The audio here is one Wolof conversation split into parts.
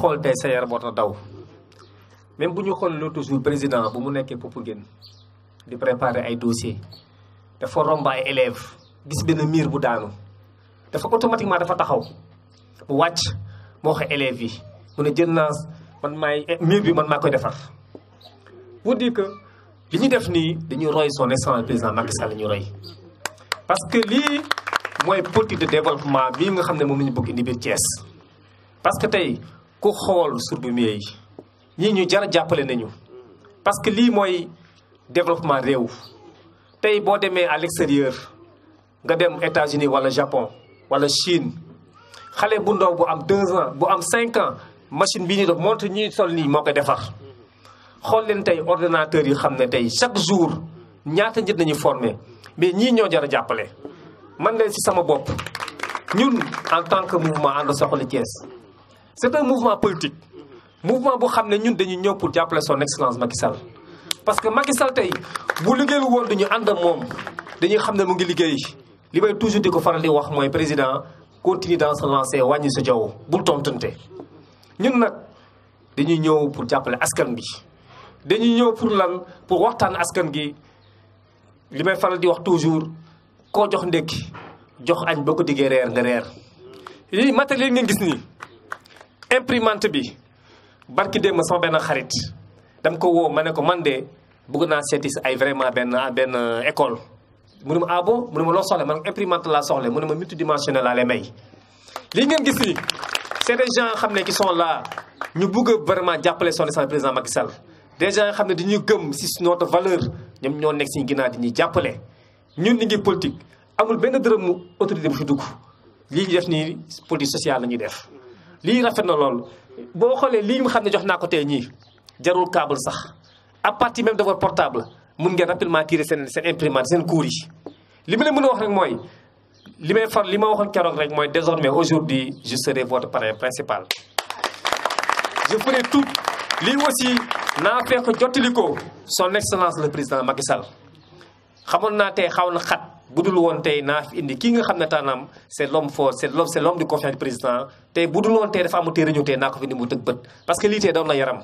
xool tey sa yaram war daw même bu ñu xoolaloo toujours président bu mu nekkee Popenguine di préparer ay dossier dafa romb ay di gis benn miir bu daanu dafa automatiquement dafa taxaw mu wàcc moo wax élèves yi mu ne jël naa man maay miir bi man maa koy defar pour dire que li ñu def nii dañuy roy son excellence président Macky Sall la ñu roy parce que lii mooy politique de développement bii nga xam ne moom la ñu bëgg indi biir Thiès parce tey ku xool surbumier yi ñii ñu jar jàppale nañu parce que lii mooy développement réew tey boo demee à nga dem États-Unis wala Japon wala Chine xale bu ndaw bu am deux bu am cinq ans machine bi ñu def montre ñuy sol nii moo koy defar xool leen tey ordinateur yi xam ne tey chaque jour ñaata nit nañu formé mais ñii ñoo jar a jàppale man de si sama bopp ñun en tant que mouvement ànd soxali Thiès c'est un mouvement politique mouvement boo xam ne ñun dañuy ñëw pour jàppale son excellence Macky Sall parce que Macky Sall tey bu liggéeyul woon dañu ànd ak moom dañuy xam ne mu ngi liggéey li may toujours di ko faral di wax mooy président continue dans sa lancée wàññi sa jaww bul tontunte ñun nag dañuy ñëw pour jàppale askan bi dañuy ñëw pour lan pour waxtaan askan gi li may faral di wax toujours koo jox ndékki jox añ boo ko diggee reer nga reer lii matériel ngeen imprimante bi barki démb sama benn xarit dama ko woo ma ne ko man de bëgg naa seeti ay vraiment benn benn euh, école. mu ne ma ah mu ne ma loo soxla ma ne ko imprimante laa soxla mu ne ma multidimensionnel laa lay may. lii ngeen gis nii c'est des gens xam ne qui son là ñu bëgg vraiment jàppale son excellence président Macky Sall des gens xam ne ñu gëm si notre valeur ñoom ñoo nekk si ginnaaw di ñuy jàppale ñun ñu ngi politique amul benn dërëm mu autorité bu fi dugg lii ñu def nii politique sociale la ñuy def. li rafet na lool boo xoolee lii nga xam jox naa ko tey ñi jarul câble sax à partir même de votre portable mun ngeen rapidement tirer sen sen imprimante sen courrier yi. li ma wax rek moy limay far li ma waxoon rek moy désormais aujourd'hui je serai votre parrain principal. je ferai tout li aussi na fekk jottali son excellence le président Macky Sall xamoon naa tey xaw xat budul won tay naa indi ki nga xam tanam c'est l'homme fort c'est l'homme c'est l'homme du confiance du président tay budul won tay dafa am tey réunion tey naa fi indi mu tëgg bët parce que li tey doon la yaram.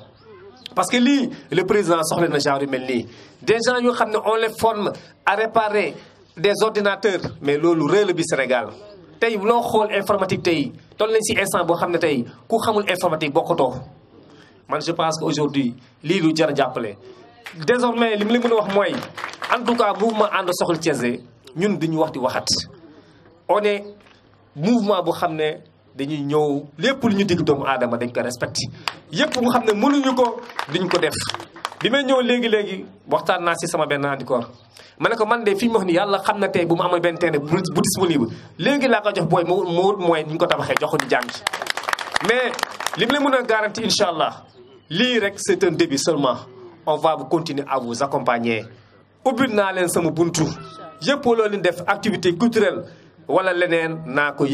parce que li le président soxla na genre yu mel nii des gens yoo xam on les forme à réparer des ordinateurs mais lolu réew la bi Sénégal tay lo xol informatique tay toll lañ ci instant bo xam tay ku xamul informatique bokkutoo man je pense que aujourd'hui lii lu jara a désormais lim li mu wax moy en tout cas mouvement ànd soxla Thiès nous, duñu wax di on est mouvement bu xam dañuy ñëw lépp lu ñu digg doom aadama dañ ko respect yëpp bu Nous ne mënuñu ko duñ ko def bi ñëw léegi-léegi waxtaan sama ko man de fi Nous xni ni xamna nous bu disponible ko jox ñu ko mais li la a un début seulement on va vous continuer à vous accompagner ubbil na len sama buntu je peux leen def activité culturelle wala leneen naa vous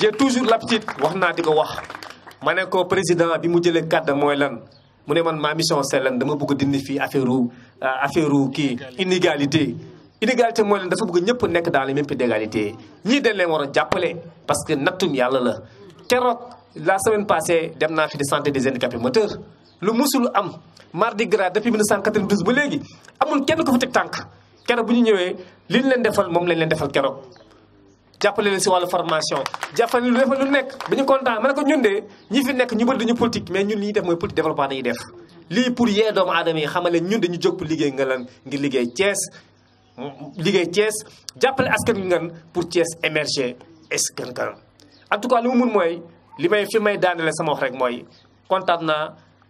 j'ai toujours la wax vous wax ma président bi mu lan ma mission c'est lan dama bëgg dindi fi affaire euh, inégalité inégalité dans les mêmes d'égalité dañ parce que la la semaine passée dem de santé des handicapés moteurs Le musul am mardi gras depuis 1992 amul keroog bu ñu ñëwee li ñu leen defal moom lañ leen defal keroog jàppale leen si wàllu formation jàppale lu defal nekk bu ñu kontaan ma ne ko ñun de ñi fi nekk ñu bëri dañu politique mais ñun li ñu def mooy politique développement dañuy def lii pour yee doomu aadama yi xamal leen ñun dañu jóg pour liggéey nga ngir liggéey Thiès liggéey Thiès jàppale askan wi ngan pour Thiès émerger askan kan en tout cas li mu mun mooy li may fi may daanele sama wax rek mooy kontaan naa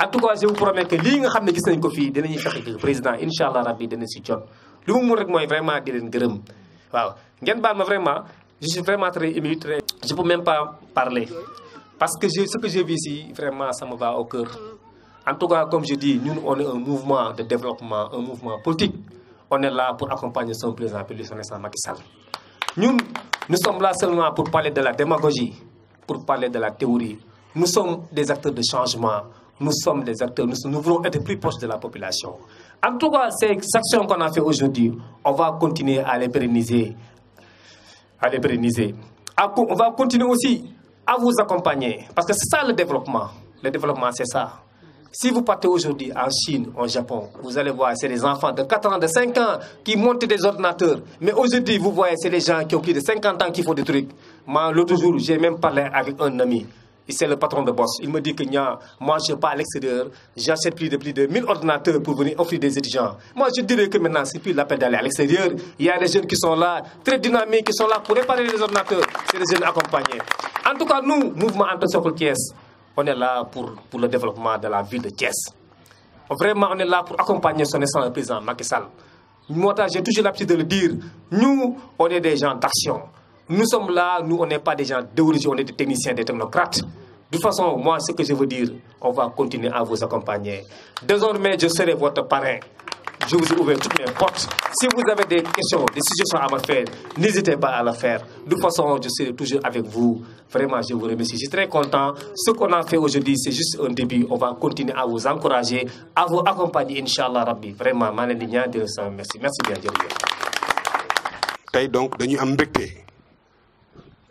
en tout cas je vous promets que ce que vous ne nañ ko le président Inch'Allah, rabbi si Ce que vous vraiment je suis vraiment très ému très je peux même pas parler parce que ce que j'ai vu ici vraiment ça me va au cœur en tout cas comme je dis nous, on est un mouvement de développement un mouvement politique on est là pour accompagner son président le son excellence Macky Sall nous nous sommes là seulement pour parler de la démagogie pour parler de la théorie nous sommes des acteurs de changement nous sommes des acteurs, nous, voulons être plus proches de la population. En tout cas, ces actions qu'on a fait aujourd'hui, on va continuer à les pérenniser. À les On va continuer aussi à vous accompagner, parce que c'est ça le développement. Le développement, c'est ça. Si vous partez aujourd'hui en Chine, au Japon, vous allez voir, c'est des enfants de 4 ans, de 5 ans qui montent des ordinateurs. Mais aujourd'hui, vous voyez, c'est des gens qui ont plus de 50 ans qui font des trucs. Moi, l'autre jour, j'ai même parlé avec un ami c'est le patron de Boss. Il me dit que moi je pas à l'extérieur, j'achète plus de plus de 1000 ordinateurs pour venir offrir des étudiants. Moi je dirais que maintenant c'est plus la peine d'aller à l'extérieur. Il y a des jeunes qui sont là, très dynamiques, qui sont là pour réparer les ordinateurs. C'est des jeunes accompagnés. En tout cas, nous, Mouvement antonio Thiès, on est là pour, pour le développement de la ville de Thiès. Vraiment, on est là pour accompagner son essence président Macky Moi, j'ai toujours l'habitude de le dire, nous, on est des gens d'action nous sommes là, nous, on n'est pas des gens d'origine, on est des techniciens, des technocrates. De toute façon, moi, ce que je veux dire, on va continuer à vous accompagner. Désormais, je serai votre parrain. Je vous ai ouvert toutes mes portes. Si vous avez des questions, des suggestions à me faire, n'hésitez pas à la faire. De toute façon, je serai toujours avec vous. Vraiment, je vous remercie. Je suis très content. Ce qu'on a fait aujourd'hui, c'est juste un début. On va continuer à vous encourager, à vous accompagner, Inch'Allah Rabbi. Vraiment, Merci. Merci bien, donc, nous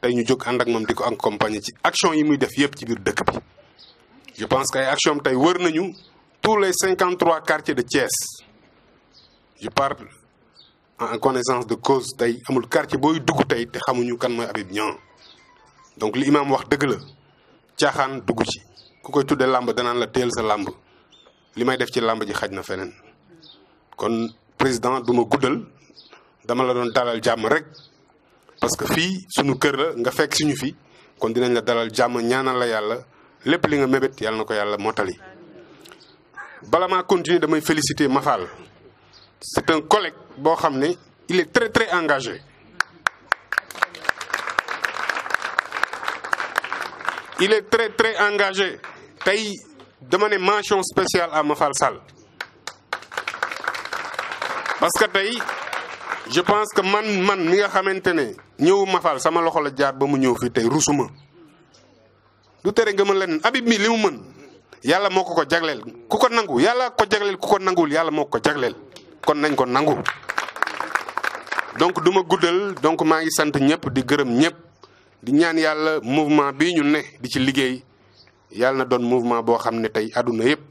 tey ñu jóg ànd ak moom di accompagner ci action yi muy def yépp ci biir dëkk bi je pense que action am tey wër nañu tous les cinquante trois quartiers de Thiès je parle en connaissance de cause tay amul quartier boy dugg tay te xamuñu kan moy Habib Niang donc li imaam wax dëgg la caaxaan dugg ci ku koy lamb da nan la téel sa lamb li may def ci lamb ji xajna fenen kon président du guddal dama la doon dalal jàmm rek parce que fi, suñu kër la nga fekk suñu fi kon dinañ la dalal à ñaanal la yalla lepp li nga mébét yalla nako yalla yàlla bala continuer damay féliciter Mafal c'est un collègue qui il est très très engagé. il est très très engagé a demandé une mention spéciale à Mafal sal parce que tay je pense que man man mi nga xamante ne ñëw mafal sama loxo la jaar ba mu ñëw fii tey rusuma du tere nga mën leen Habib mi li mën yàlla moo ko ko jagleel ku ko nangu yàlla ko jagleel ku ko nanguwul yàlla moo ko ko kon nañ ko nangu. donc du ma guddal donc maa ngi sant ñëpp di gërëm ñëpp di ñaan yàlla mouvement bii ñu ne di ci liggéey yàlla na doon mouvement boo xam ne tey àdduna yëpp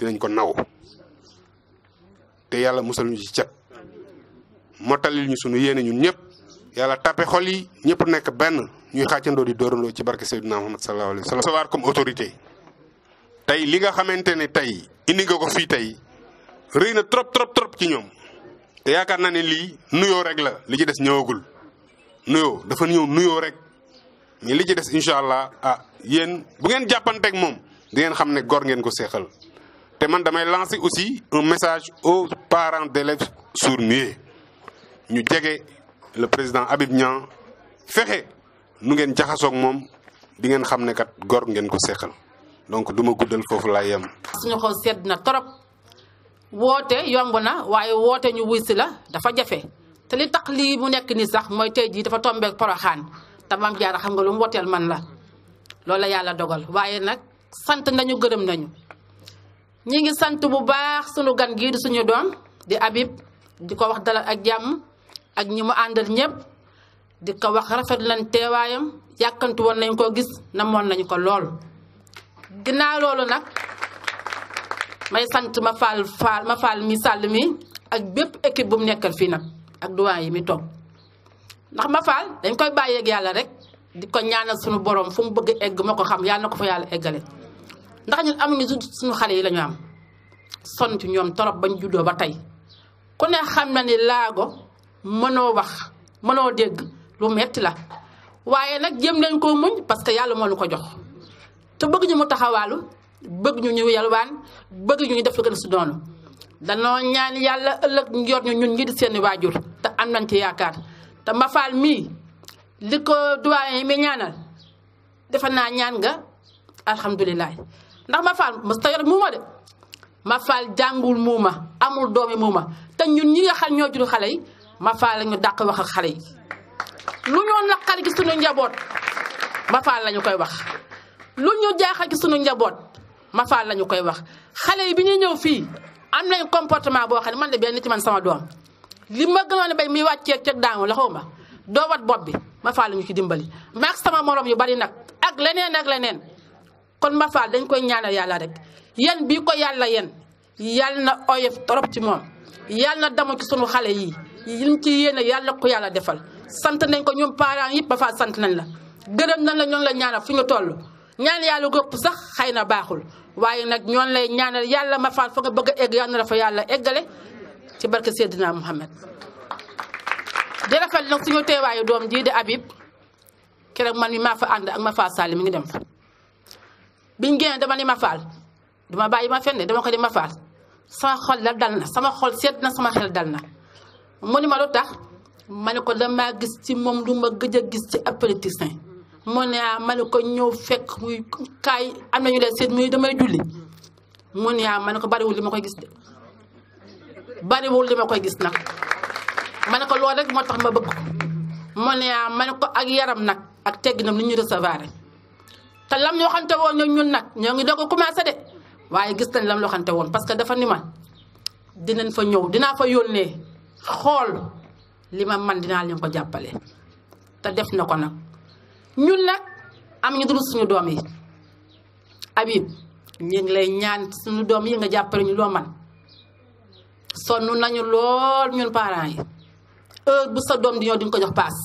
nañ ko naw te yàlla musal ñu ci cet motalil ñu sunu yéene ñun ñëpp yàlla tapé xol yi ñëpp nekk benn ñuy xàccandoo di dóorandoo ci barke sayyidina muhammad sallallahu Alaihi wasallam savoir comme autorité tey li nga xamante ne tey indi nga ko fii tey rëy trop trop trop ci ñoom te yaakaar naa ne lii nuyoo rek la li ci des ñëwagul nuyoo dafa ñëw nuyoo rek mais li ci des incha ah yéen bu ngeen jàppanteeg moom di ngeen xam ne gor ngeen ko seexal te man damay lancer aussi un message aux parents d'élèves sourds ñu jege le président Habib Niang fexe nu ngeen jaxasoog moom di ngeen xam ne kat gor ngeen ko seqal donc duma ma guddal foofu laay yem. suñu xol sedd na trop woote yomb na waaye woote ñu wuy la dafa jafe te li tax lii mu nekk nii sax mooy tey jii dafa tombeek poroxaan te maam jaara xam nga lu mu wooteel man la loolu la yàlla dogal waaye nag sant nañu gërëm nañu ñi ngi sant bu baax suñu gan gii di suñu doom di Habib di ko wax dalal ak jàmm ak ñi mu àndal ñëpp di ko wax rafet lan teewaayam yàkkantu woon nañ koo gis namoon nañu ko lool. ginnaaw loolu nag may sant ma faal faal ma faal mi sàll mi ak bépp équipe bu mu nekkal fii nag ak duwaa yi mi toog ndax ma faal dañ koy bàyyeeg yàlla rek di ko ñaanal suñu borom fu mu bëgg egg ma ko xam yàlla na ko fa yàlla eggale ndax ñun amuñu suñu xale yi lañu am. sont ñoom torop bañ juddoo ba tey ku ne xam na ni laago mënoo wax mënoo dégg lu metti la waaye nag jëm leen koo muñ parce que yàlla moo lu ko jox te bëgg ñu mu taxawaalu bëgg ñu ñu yalwaan bëgg ñu ñu def lu gën si doonu danoo ñaan yàlla ëllëg yor ñu ñun ñi di seeni waajur te am nañ ci yaakaar te mafaal mii li ko doyen yi mi ñaanal defe naa ñaan nga alhamdulilah ndax mafaal mas ta yor muuma de mafaal jàngul muuma amul doomi muuma te ñun ñi nga xam ñoo jur xale yi ma ñu dàq wax ak xale yi lu ñoo naqar ci sunu njaboot ma faal ñu koy wax lu ñu jaaxal ci sunu njaboot ma faal koy wax xale yi bi ñuy ñëw fii am nañ comportement boo xam ne man de benn ci man sama doom li ma gënoon a béy muy wàcceeg ceeg daangu la ma doo wat bopp bi ma faal ñu ci dimbali maak sama moroom yu bari nag ak leneen ak leneen kon ma dañ koy ñaanal yàlla rek yan bii ko yàlla yen yàlla na oyof trop ci moom yàlla na damu ci sunu xale yi liñ ci yéene yàlla ko yàlla defal sant nañ ko ñoom parents yëpp ba sant nañ la gërëm nañ la ñoon la ñaanal toll ñaan yàlla gëpp sax xëy na baaxul waaye nag ñoon lay ñaanal yàlla ma faal fa nga bëgg a egg yàlla na la fa yàlla eggale ci barke Seydina Muhammad di rafet nag teewaayu doom jii di Habib keroog man mi maa fa ànd mi ngi dem fa dama ni ma faal bàyyi ma fenn dama ko di ma faal sama xol la dal na sama xol sedd na sama xel dal na mu ni ma lu tax ma ne ko damaa gis ci moom lu ma gëj a gis ci ab politicien mu ne ah, ma ne ko ñëw fekk muy am na ñu leen seet muy damay julli mu ne ah, ma ne ko bariwul li ma koy gis de bariwul li ma koy gis nag ma ne ko loolu rek moo tax ma bëgg ko mu ne ah, ma ne ko ak yaram nag ak tegginam li ñu recevoir te lam ñu waxante woon ñoom ñun nag ñoo ngi doog a commencé de waaye gis nañ lam ñu woon parce que dafa ni ma dinañ fa ñëw dinaa fa yónnee. xool li ma man dinaa leen ko jàppale te def na ko nag ñun nag am ñu dul suñu doom yi Habib ñu lay ñaan suñu doom yi nga jàppale ñu loo man sonn nañu lool ñun parent yi heure bu sa doom di ñëw di ko jox paas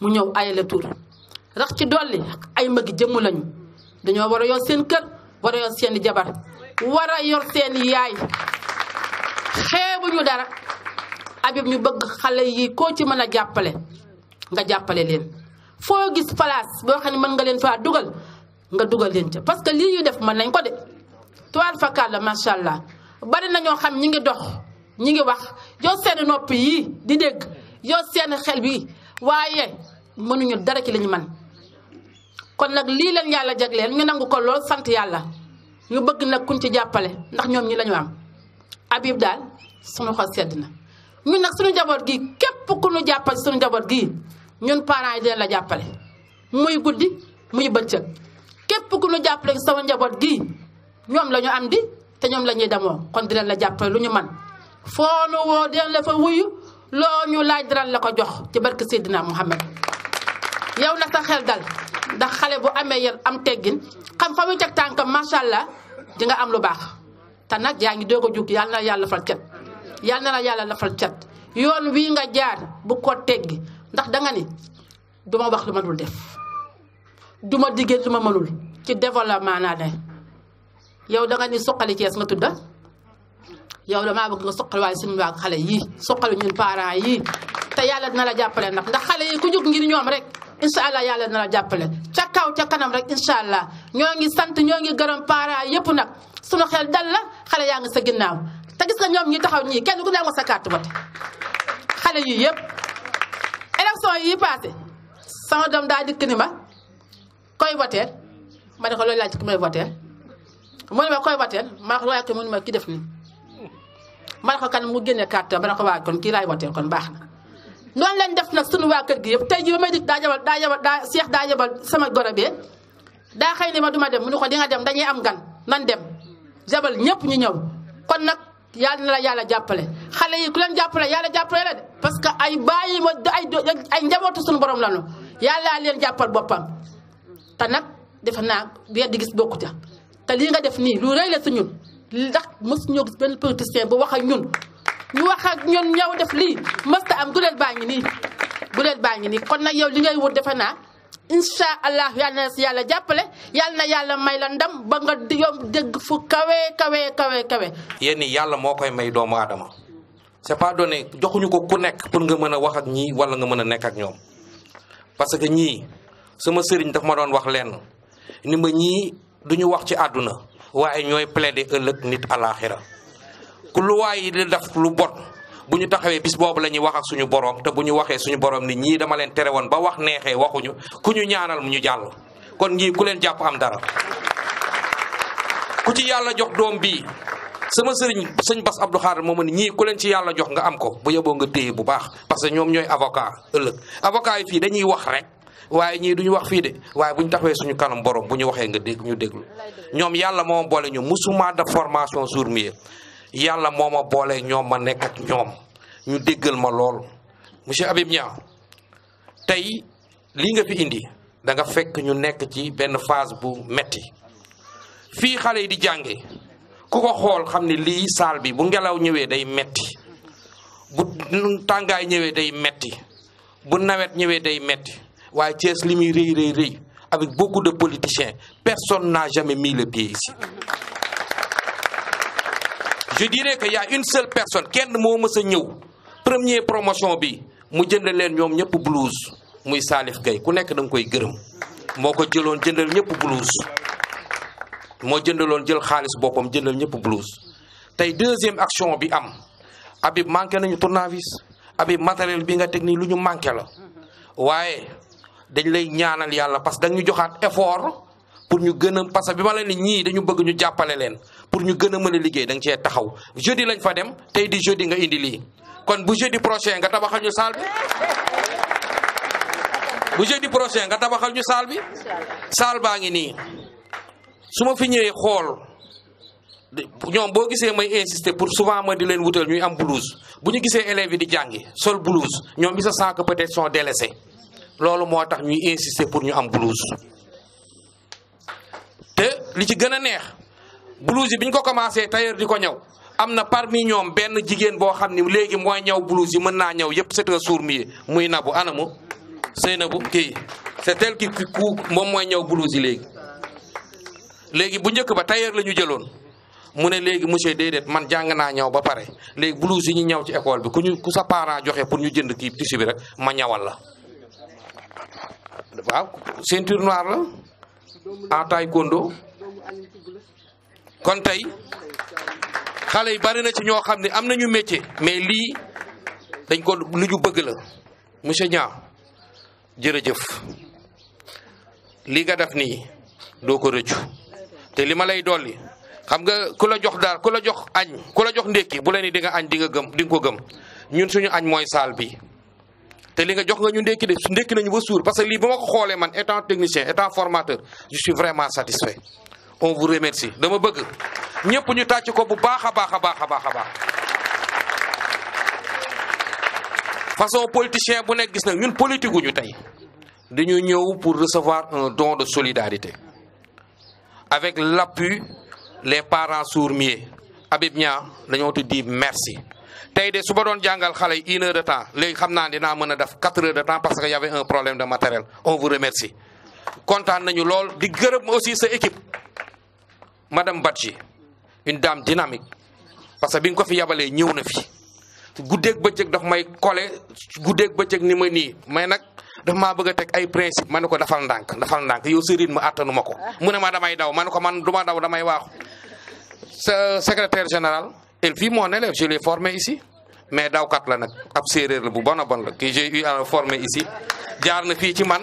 mu ñëw ayale tur rax ci dolli ay magi jëmm lañu dañoo war a yor seen kër war a yor seeni jabar war a yor seeni yaay xeebuñu dara Habib ñu bëgg xale yi koo ci mën a jàppale nga jàppale leen foo gis place boo xam ne mën nga leen faa dugal nga dugal leen ca parce que lii ñuy def mën nañ ko de tuwaar fakkaat la macha allah bari nañoo xam ñi ngi dox ñi ngi wax yow seen nopp yii di dégg yow seen xel bi waaye mënuñu dara ci lañu man kon nag lii leen yàlla jagleel ñu nangu ko lool sant yàlla ñu bëgg nag kuñ ci jàppale ndax ñoom ñi lañu am Habib daal sunu xol sedd na ñun nag suñu njaboot gi képp ku ñu jàppal suñu njaboot gi ñun parents yi dinañ la jàppale muy guddi muy bëccëg képp ku ñu jàppale sama njaboot gi ñoom la am di te ñoom la ñuy demoo kon dinañ la jàppale lu ñu man foo nu woo la fa wuyu loo ñu laaj la ko jox ci barke Muhammad yow nag sa xel dal ndax xale bu amee yar am teggin xam fa muy teg tànkam macha di nga am lu baax te fal yal na la yàlla lafal cat yoon wii nga jaar bu ko gi ndax danga ni duma wax lu ma dul def duma diggee lu ma mënul ci développement naa ne yow danga ni suqali Cees nga tudda yow damaa bëgg nga suqal waaye suñu waa xale yii suqalu ñun parents yii te yàlla dina la jàppale nag ndax xale yi ku jóg ngir ñoom rek incha allah yàlla dina la jàppale ca kaw ca kanam rek incha allah ñoo ngi sant ñoo ngi gërëm parents yëpp nag sunu xeel dal la xale yaa ngi sa ginnaaw gis nga ñoom ñi taxaw ñii kenn ku ne am sa carte vote xale yii yëpp élection yi passé sama doom daa dikk ni ma koy voteel ma ne ko loolu laaj ki may voteel mu ne ma koy voteel ma ko waaye ko mu ne ma ki def nii ma ne ko kan mu génne carte ba ne ko waa kon kii laay voteel kon baax na noonu lañ def nag sunu waa kër gi yëpp tey jii ba may dikk daa jabal daa jabal daa seex daa jabal sama gorobee daa xëy ni ma duma dem mu ne ko di nga dem dañuy am gan nan dem jabal ñëpp ñu ñëw kon nag yàlla na la yàlla jàppale xale yi ku leen jàppale yàlla jàppale la de parce que ay bàyyi ma ay ay njabootu suñu borom lanu yàllaa leen jàppal boppam te nag defe naa weer di gis bokku ca te lii nga def nii lu rëy la si ñun ndax mosu ñoo gis benn politicien bu wax ak ñun ñu wax ak ñun ñaw def lii mës ta am guddeel baa ngi nii guddeel baa ngi nii kon nag yow li ngay wut defe naa incha allah yal na si yàlla jàppale yàlla na yàlla may la ndam ba nga yom dégg fu kawe kawe kawe kawe. yéen yàlla moo koy may doomu aadama c'est pas donné joxuñu ko ku nekk pour nga mën a wax ak ñii wala nga mën a nekk ak ñoom parce que ñii suma sëriñ daf ma doon wax leen ni ma ñii duñu wax ci àdduna waaye ñooy plaider ëllëg nit àlaaxira ku lu waay di lu bon. bu ñu bis boobu la ñuy wax ak suñu borom te bu ñu suñu borom ni ñii dama leen tere woon ba wax neexee waxuñu ku ñu ñaanal mu ñu kon ñii ku leen jàpp am dara ku ci yàlla jox doom bii sama Abdou ni ñii ku leen ci jox nga am ko bu yeboo nga téye bu baax parce que ñoom ñooy avocat ëllëg avocat yi fii dañuy wax rek waaye ñii duñu wax fii de waaye buñ taxawee suñu kanam borom bu ñu nga dégg ñu ñu musuma da formation jour mieux yàlla moo ma boolee ñoom ma nekk ak ñoom ñu déggal ma lool monsieur Habib Niang tey lii nga fi indi danga fekk ñu nekk ci benn phase bu metti fii xale yi di jànge ku ko xool xam ne lii saal bi bu ngelaw ñëwee day metti bu tàngaay ñëwee day metti bu nawet ñëwee day metti waaye Thiès li muy rëy rëy rëy avec beaucoup de politiciens personne n'a jamais mis le pied ici je dirais que une seule personne kenn moo mës a ñëw premier promotion bi mu jënd leen ñoom ñëpp blouse muy Salif Gueye ku nekk da koy gërëm moo ko jëloon jëndal ñëpp blouse moo jëndaloon jël xaalis boppam jëndal ñëpp blouse tey deuxième action bi am Habib manqué nañu tournevis Habib matériel bi nga teg nii lu ñu manqué la waaye dañ lay ñaanal yàlla parce que dañu joxaat effort pour ñu gën a parce que bi ma leen ñii dañu bëgg ñu jàppale leen pour ñu gën a liggéey taxaw jeudi lañ fa dem tey di jeudi nga indi kon bu jeudi prochain nga tabaxal ñu saal bi bu jeudi prochain nga tabaxal ñu saal bi saal baa ngi nii su ma fi ñëwee xool ñoom boo gisee may insister pour souvent ma di len wutal ñuy am blouse bu ñu gisee di sol blouse ñoom bi sa sànq peut-être sont délaissés loolu moo tax ñuy insister pour ñu am blouse li ci gën a neex blouse yi bi ñu ko commencé tailleur di ko ñëw am na parmi ñoom benn jigéen boo xam ni léegi mooy ñëw blouse yi mën naa ñëw yëpp c'est un sourd muy muy nabu anamu Seynabou kii c'est elle qui ku moom mooy ñëw blouse yi léegi. léegi bu njëkk ba tailleur la ñu jëloon mu ne léegi monsieur déedéet man jàng naa ñëw ba pare léegi blouse yi ñu ñëw ci école bi ku ñu ku sa parent joxe pour ñu jënd kii tissu bi rek ma ñawal la waaw ceinture noire la en taekwondo kon tey xale yi bari na ci ñoo xam ne am nañu métier mais lii dañ ko lu ñu bëgg la monsieur Niang jërëjëf lii nga def nii doo ko rëccu te li ma lay dolli xam nga ku la jox daal ku la jox añ ku la jox ndékki bu la ni di añ di nga gëm di nga ko gëm ñun suñu añ mooy saal bi te li nga jox nga ñu ndékki de ndékki nañu ba suur parce que lii bu ma ko xoolee man étant technicien étant formateur je suis vraiment satisfait on vous remercie dama bëgg ñëpp ñu tàcc ko bu baaxa baaxa baaxa baaxa baax façon politicien bu nekk gis na ñun politique ñu tey dañu ñëw pour recevoir un don de solidarité avec l'appui les parents sourmiers Habib Nia dañoo tuddi merci tey de su ba doon jàngal xale yi une heure de temps léegi xam naa dinaa mën a def quatre heures de temps parce que y avait un problème de matériel on vous remercie kontaan nañu lool di gërëm aussi sa équipe madame Badji une dame dynamique parce que bi nga ko fi yabalee ñëw na fi guddeeg bëccëg daf may kole guddeeg bëccëg ni ma nii mais nag daf maa bëgg teg ay principe ma ne ko dafal ndànk dafal ndànk yow sa rythme ko mu ne ma damay daw ma ne ko man du ma daw damay waax sa secrétaire général elle fii mon élève je l'ai formé ici mais daw kat la nag ab séeréer la bu bon a bon la que j'ai eu à former ici jaar na fii ci man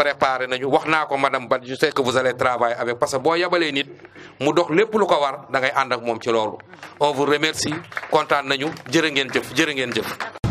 préparé nañu wax naa ko madame Badji je sais que vous allez travailler avec parce que boo yabalee nit mu dox lépp lu ko war da ngay ànd ak moom ci loolu on vous remercie kontaan nañu jërë ngeen jëf jërë ngeen jëf.